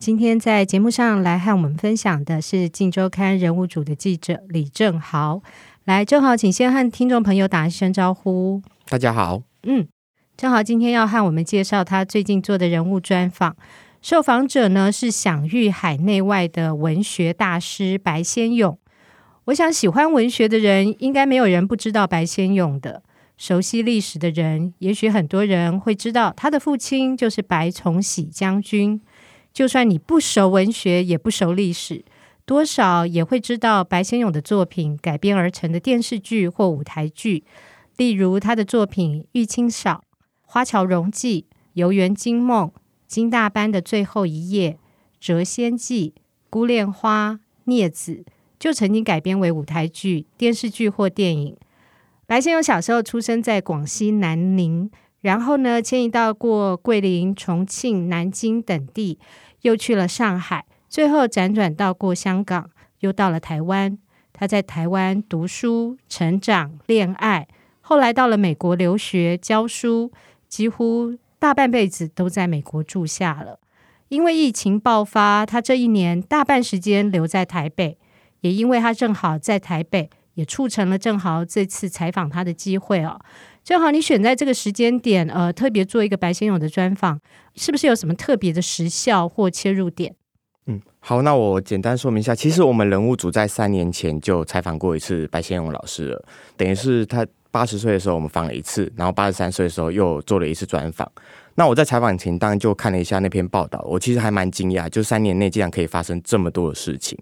今天在節目上來和我們分享的是《鏡週刊》人物組的記者李正豪。來，正豪請先和聽眾朋友打一聲招呼。大家好，嗯，正豪今天要和我們介紹他最近做的人物專訪，受訪者呢是享譽海內外的文學大師白先勇。我想，喜歡文學的人應該沒有人不知道白先勇的。熟悉歷史的人，也許很多人會知道他的父親就是白崇禧將軍。就算你不熟文學，也不熟歷史，多少也會知道白先勇的作品改編而成的電視劇或舞台劇。例如他的作品《玉卿嫂》、《花橋榮記》、《遊園驚夢》、《金大班的最後一夜》、《謫仙記》、《孤戀花》、《孽子》，就曾經改編為舞台劇、電視劇或電影。白先勇小時候出生在廣西南寧。然後呢，遷移到過桂林、重慶、南京等地，又去了上海，最後輾轉到過香港，又到了台灣。他在台灣讀書、成長、戀愛，後來到了美國留學、教書，幾乎大半輩子都在美國住下了。因為疫情爆發，他這一年大半時間留在台北，也因為他正好在台北，也促成了正好這次採訪他的機會哦。正好你選在這個時間點，呃，特別做一個白先勇的專訪，是不是有什麼特別的時效或切入點？嗯，好，那我簡單說明一下。其實我們人物組在三年前就採訪過一次白先勇老師了，等於是他八十歲的時候我們訪了一次，然後八十三歲的時候又做了一次專訪。那我在採訪前當然就看了一下那篇報道，我其實還蠻驚訝，就三年內竟然可以發生這麼多的事情。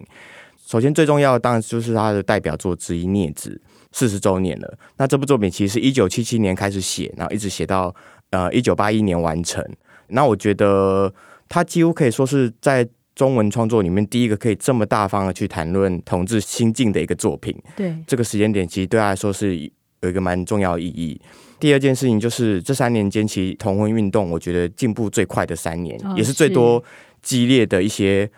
首先，最重要的當然就是他的代表作之一《孽子》四十周年了。那這部作品其實是一九七七年開始寫，然後一直寫到呃一九八一年完成。那我覺得他幾乎可以說是在中文創作裡面第一個可以這麼大方的去談論同志心境的一個作品。對這個時間點，其實對他來說是有一個蠻重要意義。第二件事情就是這三年間，其實同婚運動我覺得進步最快的三年、哦，也是最多激烈的一些。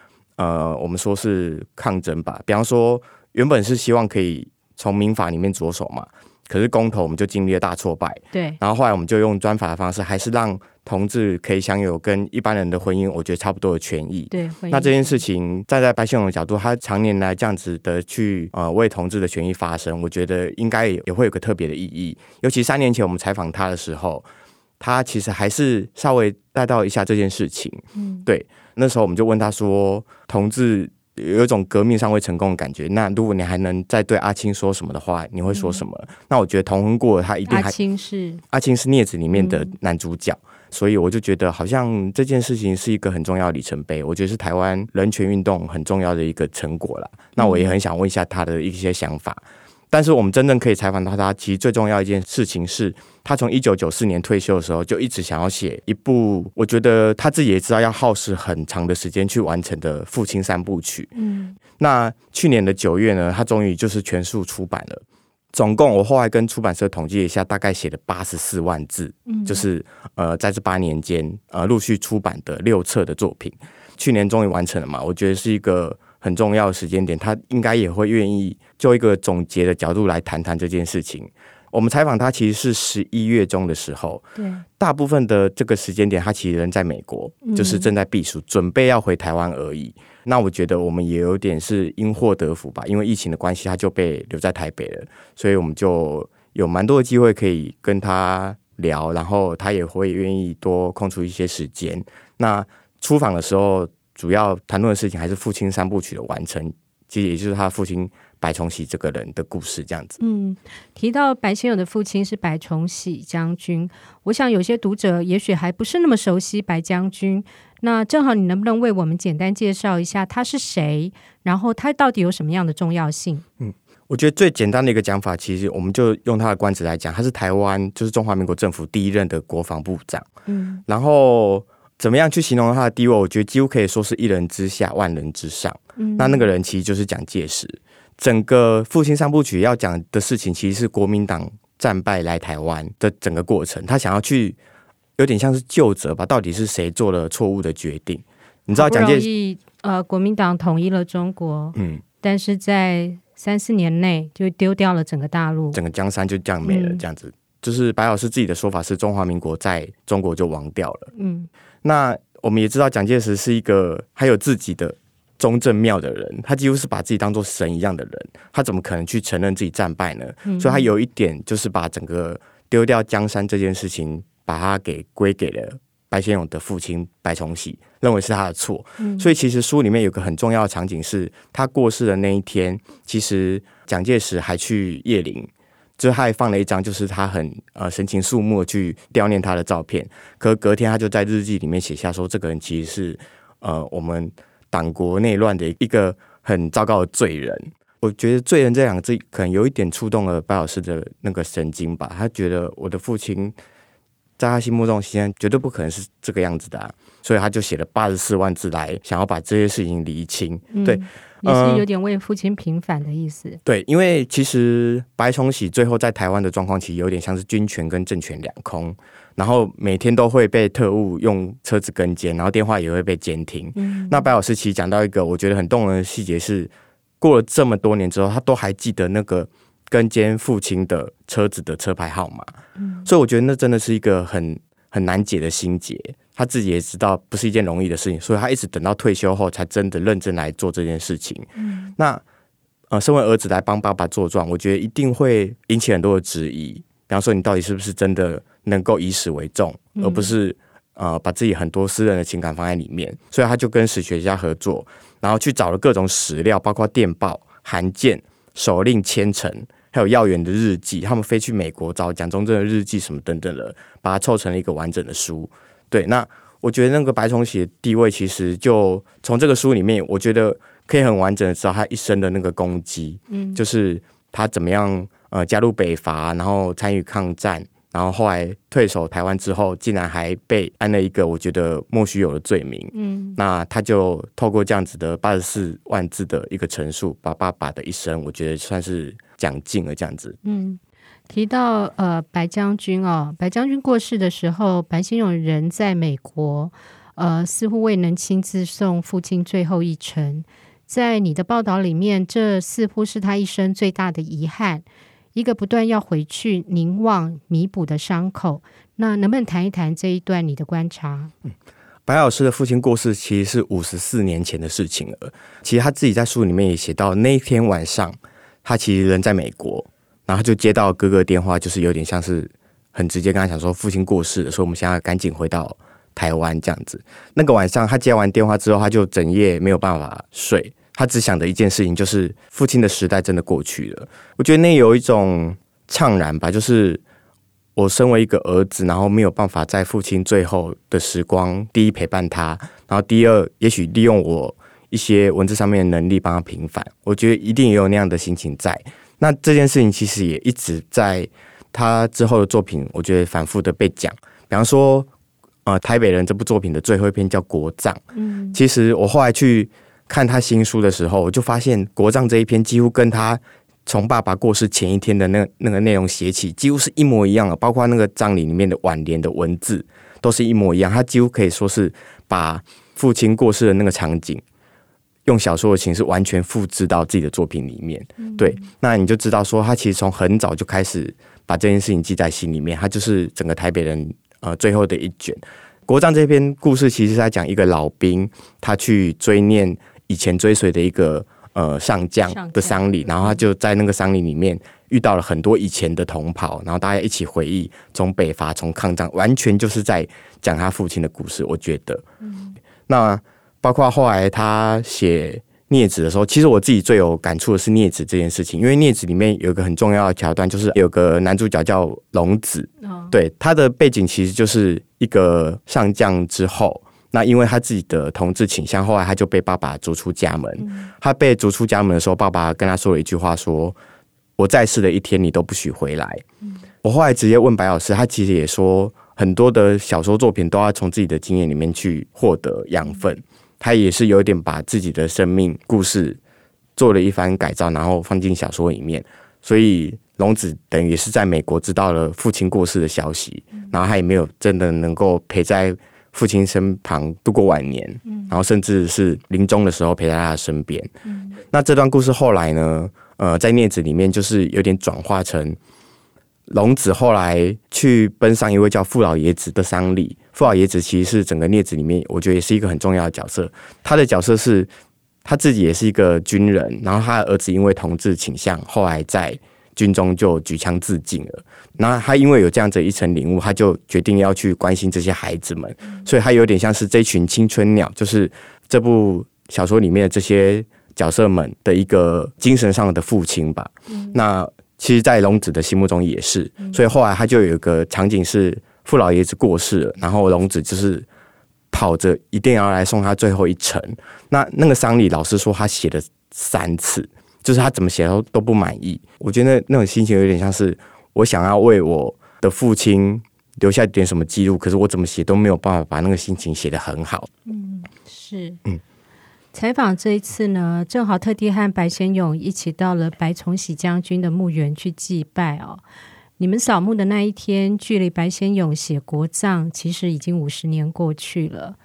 呃，我們說是抗爭吧，比方說，原本是希望可以從民法裡面着手嘛，可是公投我們就經歷了大挫敗，對，然後後來我們就用專法的方式，還是讓同志可以享有跟一般人的婚姻，我覺得差不多的權益，對。那這件事情站在白先勇的角度，他長年來這樣子的去呃為同志的權益發聲，我覺得應該也會有個特別的意義，尤其三年前我們採訪他的時候。他其實還是稍微帶到一下這件事情，嗯，對。那時候我們就問他說：“同志有一種革命尚未成功的感覺，那如果你還能再對阿青說什麼的話，你會說什麼？”嗯、那我覺得，同婚過他一定還是阿青是阿青是孽子裡面的男主角、嗯，所以我就覺得好像這件事情是一個很重要的里程碑，我覺得是台灣人權運動很重要的一個成果啦。那我也很想問一下他的一些想法。嗯但是我們真正可以採訪到他，其實最重要一件事情是，他從一九九四年退休的時候就一直想要寫一部，我覺得他自己也知道要耗時很長的時間去完成的《父親三部曲》。嗯，那去年的九月呢，他終於就是全數出版了，總共我後來跟出版社統計一下，大概寫了八十四萬字，嗯，就是呃在這八年間呃陸續出版的六冊的作品，去年終於完成了嘛，我覺得是一個。很重要的時間點，他應該也會願意就一個總結的角度來談談這件事情。我們採訪他其實是十一月中的時候，對，大部分的這個時間點，他其實人在美國，嗯，就是正在避暑，準備要回台灣而已。那我覺得我們也有點是因禍得福吧，因為疫情的關係，他就被留在台北了，所以我們就有蠻多的機會可以跟他聊，然後他也會願意多空出一些時間。那出訪的時候。嗯主要談論的事情還是父親三部曲的完成，其實也就是他父親白崇禧這個人的故事這樣子。嗯，提到白先勇的父親是白崇禧將軍，我想有些讀者也許還不是那麼熟悉白將軍。那正好，你能不能為我們簡單介紹一下他是誰，然後他到底有什麼樣的重要性？嗯，我覺得最簡單的一個講法，其實我們就用他的官職來講，他是台灣，就是中華民國政府第一任的國防部長。嗯，然後。怎麼樣去形容他的地位？我覺得幾乎可以說是一人之下，萬人之上。嗯、那那個人其實就是蔣介石。整個《父親三部曲》要講的事情，其實是國民黨戰敗來台灣的整個過程。他想要去，有點像是究責，吧？到底是誰做了錯誤的決定？你知道，蔣介石，呃，國民黨統一了中國，嗯，但是在三四年內就丟掉了整個大陸，整個江山就這樣沒了，嗯。這樣子，就是白老師自己的說法是，中華民國在中國就亡掉了。嗯。那我們也知道，蔣介石是一個還有自己的中正廟的人，他幾乎是把自己當做神一樣的人，他怎麼可能去承認自己戰敗呢？嗯、所以，他有一點就是把整個丟掉江山這件事情，把他給歸給了白先勇的父親白崇禧，認為是他的錯。嗯、所以，其實書裡面有個很重要的場景是，他過世的那一天，其實蔣介石還去謁陵。就他還放了一張，就是他很呃神情肅穆去悼念他的照片。可隔天，他就在日記裡面寫下說：“這個人其實是呃我們黨國內亂的一個很糟糕的罪人。”我覺得“罪人”這兩個字可能有一點觸動了白老師的那個神經吧。他覺得我的父親在他心目中的形象絕對不可能是這個樣子的，啊，所以他就寫了八十四萬字來，想要把這些事情釐清。嗯、對。也是有點為父親平反的意思。嗯。對，因為其實白崇禧最後在台灣的狀況，其實有點像是軍權跟政權兩空，然後每天都會被特務用車子跟監，然後電話也會被監聽。嗯。那白老師其實講到一個我覺得很動人的細節是，過了這麼多年之後，他都還記得那個跟監父親的車子的車牌號碼。嗯。所以我覺得那真的是一個很很難解的心結。他自己也知道不是一件容易的事情，所以他一直等到退休後才真的認真來做這件事情。嗯、那呃，身為兒子來幫爸爸作傳，我覺得一定會引起很多的質疑。比方說，你到底是不是真的能夠以史為重，而不是呃把自己很多私人的情感放在裡面、嗯？所以他就跟史學家合作，然後去找了各種史料，包括電報、函件、手令、簽呈，還有要員的日記。他們飛去美國找蔣中正的日記什麼等等的，把它湊成了一個完整的書。對，那我覺得那個白崇禧的地位其實就從這個書裡面，我覺得可以很完整的知道他一生的那個功績，嗯，就是他怎麼樣呃加入北伐，然後參與抗戰，然後後來退守台灣之後，竟然還被安了一個我覺得莫須有的罪名，嗯，那他就透過這樣子的八十四萬字的一個陳述，把爸爸把的一生，我覺得算是講盡了這樣子，嗯。提到呃，白將軍哦，白將軍過世的時候，白先勇人在美國，呃，似乎未能親自送父親最後一程。在你的報道裡面，這似乎是他一生最大的遺憾，一個不斷要回去凝望、彌補的傷口。那能不能談一談這一段你的觀察？嗯，白老師的父親過世其實是五十四年前的事情了。其實他自己在書裡面也寫到，那一天晚上，他其實人在美國。然後他就接到哥哥電話，就是有點像是很直接跟他講說，父親過世了，所以我們現在趕緊回到台灣這樣子。那個晚上，他接完電話之後，他就整夜沒有辦法睡，他只想着一件事情，就是父親的時代真的過去了。我覺得那有一種悵然吧，就是我身為一個兒子，然後沒有辦法在父親最後的時光，第一陪伴他，然後第二，也許利用我一些文字上面的能力幫他平反。我覺得一定也有那樣的心情在。那這件事情其實也一直在他之後的作品，我覺得反覆的被講。比方說，呃，台北人這部作品的最後一篇叫《國葬》嗯。其實我後來去看他新書的時候，我就發現《國葬》這一篇幾乎跟他從爸爸過世前一天的那那個內容寫起，幾乎是一模一樣的，包括那個葬禮裡面的輓聯的文字都是一模一樣。他幾乎可以說是把父親過世的那個場景。用小說的形式完全複製到自己的作品裡面。嗯，對，那你就知道說他其實從很早就開始把這件事情記在心裡面。他就是整個台北人呃最後的一卷。國葬，這篇故事其實是在講一個老兵，他去追念以前追隨的一個呃上將的喪禮，然後他就在那個喪禮裡面遇到了很多以前的同袍，然後大家一起回憶從北伐、從抗戰，完全就是在講他父親的故事。我覺得，嗯、那。包括後來他寫《孽子》的時候，其實我自己最有感觸的是《孽子》這件事情，因為《孽子》裡面有一個很重要的橋段，就是有個男主角叫龍子，哦、對，他的背景其實就是一個上將之後，那因為他自己的同志傾向，後來他就被爸爸逐出家門。嗯、他被逐出家門的時候，爸爸跟他說了一句話說：說我在世的一天，你都不許回來。嗯。我後來直接問白老師，他其實也說，很多的小說作品都要從自己的經驗裡面去獲得養分。嗯他也是有點把自己的生命故事做了一番改造，然後放進小說裡面。所以龍子等於是在美國知道了父親過世的消息，嗯，然後他也沒有真的能夠陪在父親身旁度過晚年，嗯、然後甚至是臨終的時候陪在他的身邊，嗯。那這段故事後來呢？呃，在孽子裡面就是有點轉化成。龍子後來去奔上一位叫傅老爺子的喪禮。傅老爺子其實是整個孽子裡面，我覺得也是一個很重要的角色。他的角色是他自己也是一個軍人，然後他的兒子因為同志傾向，後來在軍中就舉槍自盡了。然後他因為有這樣子一層領悟，他就決定要去關心這些孩子們。嗯，所以他有點像是這群青春鳥，就是這部小說裡面的這些角色們的一個精神上的父親吧。嗯，那。其實，在龍子的心目中也是，所以後來他就有一個場景是傅老爺子過世了，然後龍子就是跑着一定要來送他最後一程。那那個喪禮，老師說他寫了三次，就是他怎麼寫都都不滿意。我覺得那種心情有點像是我想要為我的父親留下一點什麼記錄，可是我怎麼寫都沒有辦法把那個心情寫得很好。嗯，是，嗯。採訪這一次呢，正好特地和白先勇一起到了白崇禧將軍的墓園去祭拜哦。你們掃墓的那一天，距離白先勇寫國葬其實已經五十年過去了。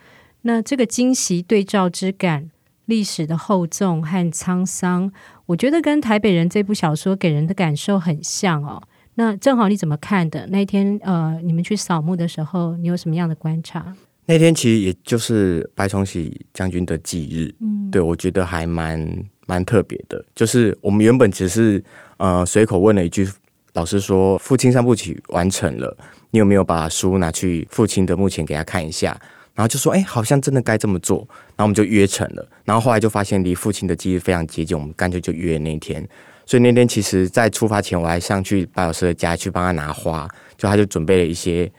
那這個今昔對照之感，歷史的厚重和滄桑，我覺得跟《台北人》這部小說給人的感受很像哦。那正好你怎麼看的？那一天呃，你們去掃墓的時候，你有什麼樣的觀察？那天其實也就是白崇禧將軍的忌日，嗯、對，我覺得還蠻蠻特別的。就是我們原本只是呃隨口問了一句，老師說父親三部曲完成了，你有沒有把書拿去父親的墓前給他看一下？然後就說哎，好像真的該這麼做。然後我們就約成了。然後後來就發現離父親的忌日非常接近，我們乾脆就約那天。所以那天其實，在出發前我還上去白老師的家去幫他拿花，就他就準備了一些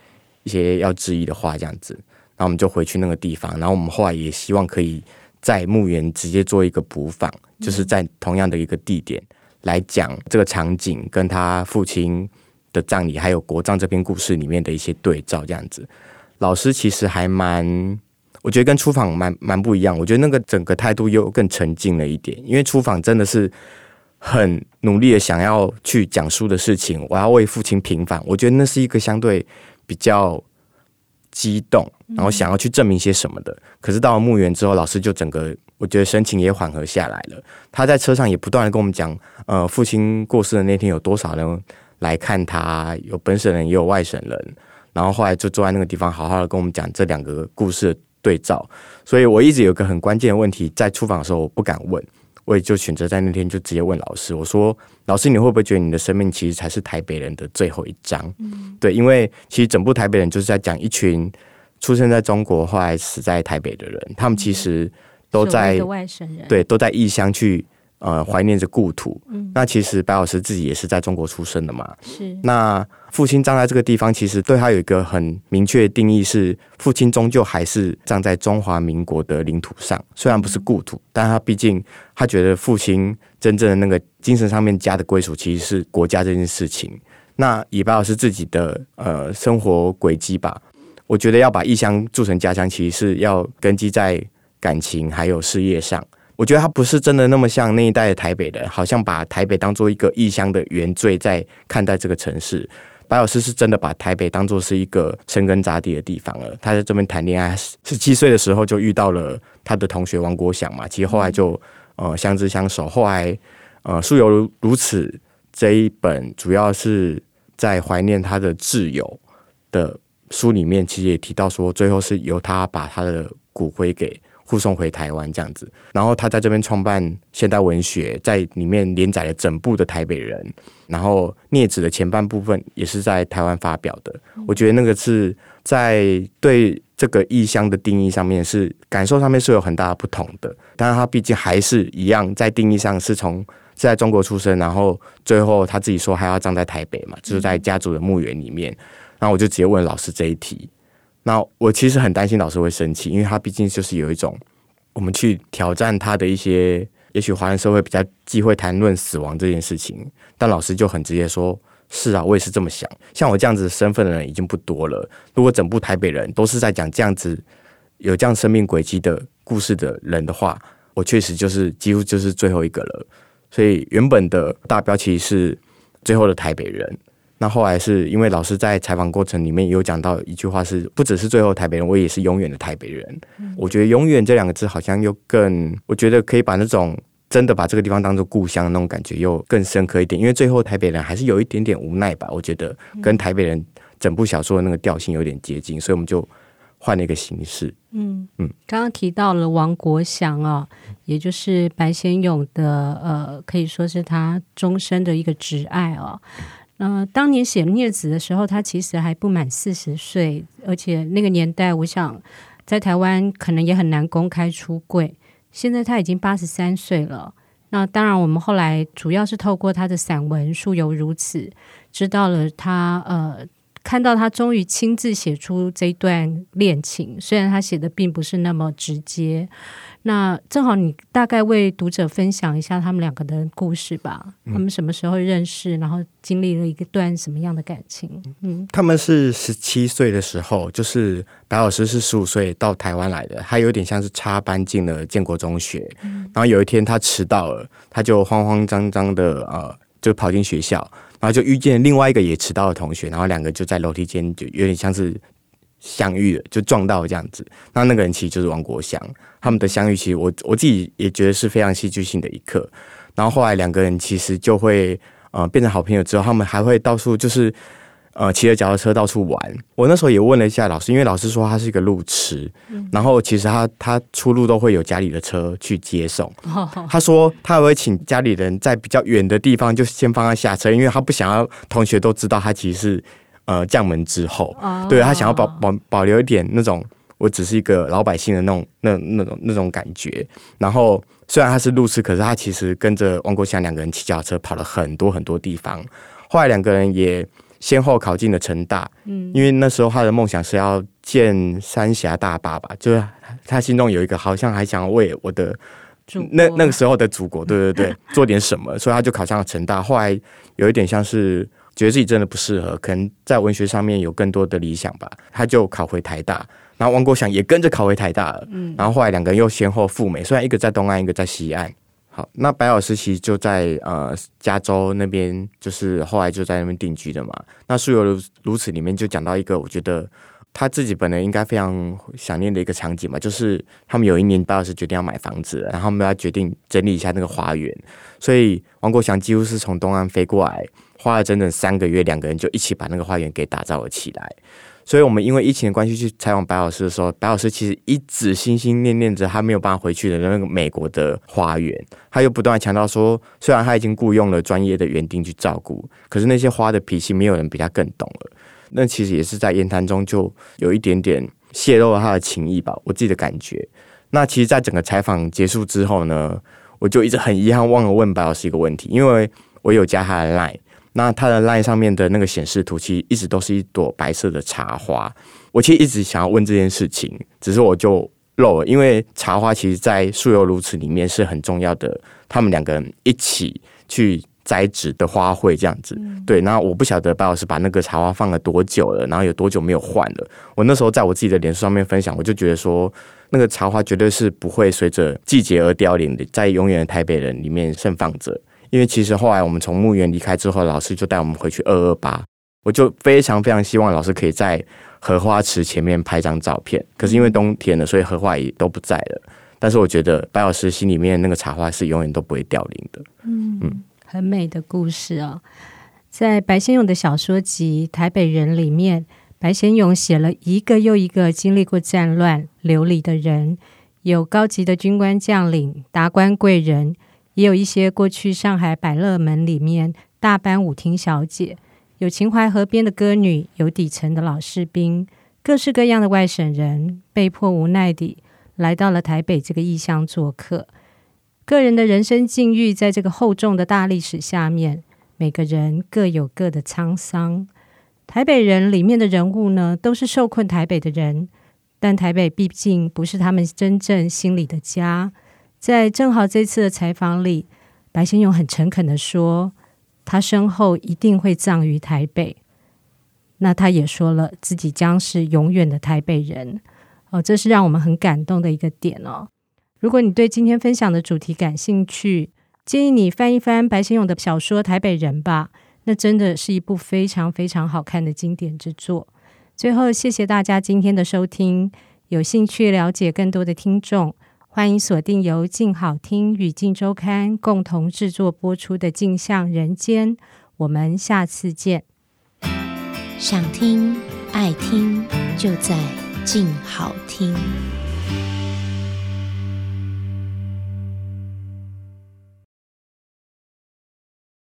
一些要致意的花這樣子。然後我們就回去那個地方，然後我們後來也希望可以在墓園直接做一個補訪，就是在同樣的一個地點來講這個場景，跟他父親的葬禮還有國葬這篇故事裡面的一些對照，這樣子。老師其實還蠻，我覺得跟初訪蠻蠻不一樣，我覺得那個整個態度又更沉靜了一點，因為初訪真的是很努力的想要去講述的事情，我要為父親平反，我覺得那是一個相對比較激動。然後想要去證明些什麼的，可是到了墓園之後，老師就整個我覺得神情也緩和下來了。他在車上也不斷的跟我們講，呃，父親過世的那天有多少人來看他，有本省人也有外省人。然後後來就坐在那個地方，好好的跟我們講這兩個故事的對照。所以我一直有一個很關鍵的問題，在採訪的時候我不敢問，我也就選擇在那天就直接問老師，我說：“老師，你會不會覺得你的生命其實才是台北人的最後一章，嗯？”對，因為其實整部台北人就是在講一群。出生在中國，後來死在台北的人，他們其實都在、嗯、所謂的外省人、對，都在異鄉去呃懷念着故土，嗯。那其實白老師自己也是在中國出生的嘛，是。那父親葬在這個地方，其實對他有一個很明確的定義，是父親終究還是葬在中華民國的領土上，雖然不是故土，嗯，但他畢竟他覺得父親真正的那個精神上面家的歸屬，其實是國家這件事情。那以白老師自己的呃生活軌跡吧。我覺得要把異鄉築成家鄉，其實是要根基在感情還有事業上。我覺得他不是真的那麼像那一代的台北人，好像把台北當做一個異鄉的原罪在看待這個城市。白老師是真的把台北當作是一個深根扎地的地方了。他在這邊談戀愛，十七歲的時候就遇到了他的同學王國祥嘛。其實後來就呃相知相守，後來呃樹猶如此這一本，主要是在懷念他的摯友的。書裡面其實也提到說，最後是由他把他的骨灰給護送回台灣這樣子。然後他在這邊創辦現代文學，在裡面連載了整部的《台北人》，然後《孽子》的前半部分也是在台灣發表的。我覺得那個是在對這個異鄉的定義上面是感受上面是有很大的不同的。但是他畢竟還是一樣，在定義上是從在中國出生，然後最後他自己說還要葬在台北嘛，就是在家族的墓園裡面。嗯。嗯然後我就直接問老師這一題。那我其實很擔心老師會生氣，因為他畢竟就是有一種我們去挑戰他的一些，也許華人社會比較忌諱談論死亡這件事情。但老師就很直接說：“是啊，我也是這麼想。像我這樣子身份的人已經不多了。如果整部台北人都是在講這樣子有這樣生命軌迹的故事的人的話，我確實就是幾乎就是最後一個了。所以原本的大標題是《最後的台北人》。”那後來是因為老師在採訪過程裡面有講到一句話是，不只是最後台北人，我也是永遠的台北人。嗯、我覺得“永遠”這兩個字好像又更，我覺得可以把那種真的把這個地方當做故鄉那種感覺又更深刻一點。因為最後台北人還是有一點點無奈吧，我覺得跟台北人整部小說的那個調性有點接近，所以我們就換了一個形式。嗯嗯，剛剛提到了王國祥啊、哦，也就是白先勇的呃，可以說是他終身的一個摯愛哦。呃，當年寫《孽子》的時候，他其實還不滿四十歲，而且那個年代，我想在台灣可能也很難公開出櫃。現在他已經八十三歲了。那當然，我們後來主要是透過他的散文《樹猶如此》，知道了他呃，看到他終於親自寫出這一段戀情，雖然他寫的並不是那麼直接。那正好，你大概為讀者分享一下他們兩個的故事吧。他們什麼時候認識？然後經歷了一段什麼樣的感情？嗯，他們是十七歲的時候，就是白老師是十五歲到台灣來的，他有點像是插班進了建國中學。嗯、然後有一天他遲到了，他就慌慌張張的啊、呃，就跑進學校，然後就遇見另外一個也遲到的同學，然後兩個就在樓梯間就有點像是。相遇了，就撞到這樣子。那那個人其實就是王國祥。他們的相遇，其實我我自己也覺得是非常戲劇性的一刻。然後後來兩個人其實就會呃變成好朋友之後，他們還會到處就是呃騎着腳踏車到處玩。我那時候也問了一下老師，因為老師說他是一個路痴。嗯，然後其實他他出入都會有家裡的車去接送。嗯，他說他還會請家裡人在比較遠的地方就先幫他下車，因為他不想要同學都知道他其實是。呃，將門之後，oh. 對，他想要保保保留一點那種，我只是一個老百姓的那種那那種那種感覺。然後雖然他是路痴，可是他其實跟着王國祥兩個人騎腳踏車跑了很多很多地方。後來兩個人也先後考進了成大，嗯，因為那時候他的夢想是要建三峽大壩吧，就是他心中有一個好像還想要為我的。那那個時候的祖國，對對對， 做點什麼，所以他就考上了成大。後來有一點像是覺得自己真的不適合，可能在文學上面有更多的理想吧，他就考回台大。然後王國祥也跟着考回台大了。嗯，然後後來兩個人又先後赴美，雖然一個在東岸，一個在西岸。好，那白老師其實就在呃加州那邊，就是後來就在那邊定居的嘛。那樹猶如此裡面就講到一個，我覺得。他自己本人應該非常想念的一個場景嘛，就是他們有一年白老師決定要買房子，然後他們要決定整理一下那個花園，所以王國祥幾乎是從東岸飛過來，花了整整三個月，兩個人就一起把那個花園給打造了起來。所以，我們因為疫情的關係去採訪白老師的時候，白老師其實一直心心念念着他沒有辦法回去的那個美國的花園，他又不斷強調說，雖然他已經雇傭了專業的園丁去照顧，可是那些花的脾氣，沒有人比他更懂了。那其實也是在言談中就有一點點洩露了他的情意吧，我自己的感覺。那其實，在整個採訪結束之後呢，我就一直很遺憾忘了問白老師一個問題，因為我有加他的 line，那他的 line 上面的那個顯示圖，其實一直都是一朵白色的茶花。我其實一直想要問這件事情，只是我就漏了。因為茶花其實在《樹猶如此》裡面是很重要的，他們兩個人一起去。栽植的花卉這樣子，對。然後我不曉得白老師把那個茶花放了多久了，然後有多久沒有換了。我那時候在我自己的臉書上面分享，我就覺得說，那個茶花絕對是不會隨着季節而凋零的，在永遠的台北人裡面盛放着。因為其實後來我們從墓園離開之後，老師就帶我們回去二二八，我就非常非常希望老師可以在荷花池前面拍張照片。可是因為冬天了，所以荷花也都不在了。但是我覺得白老師心裡面那個茶花是永遠都不會凋零的。嗯嗯。很美的故事哦，在白先勇的小說集《台北人》裡面，白先勇寫了一個又一個經歷過戰亂、流離的人，有高級的軍官將領、達官貴人，也有一些過去上海百樂門裡面大班舞廳小姐，有秦淮河邊的歌女，有底層的老士兵，各式各樣的外省人，被迫無奈地來到了台北這個異鄉做客。個人的人生境遇，在這個厚重的大歷史下面，每個人各有各的滄桑。台北人裡面的人物呢，都是受困台北的人，但台北畢竟不是他們真正心裡的家。在正好這次的採訪裡，白先勇很誠懇地說，他身後一定會葬於台北。那他也說了，自己將是永遠的台北人。哦，這是讓我們很感動的一個點哦。如果你對今天分享的主題感興趣，建議你翻一翻白先勇的小說《台北人》吧，那真的是一部非常非常好看的經典之作。最後，謝謝大家今天的收聽。有興趣了解更多的聽眾，歡迎鎖定由鏡好聽與鏡週刊共同製作播出的《鏡像人間》。我們下次見。想聽，愛聽，就在鏡好聽。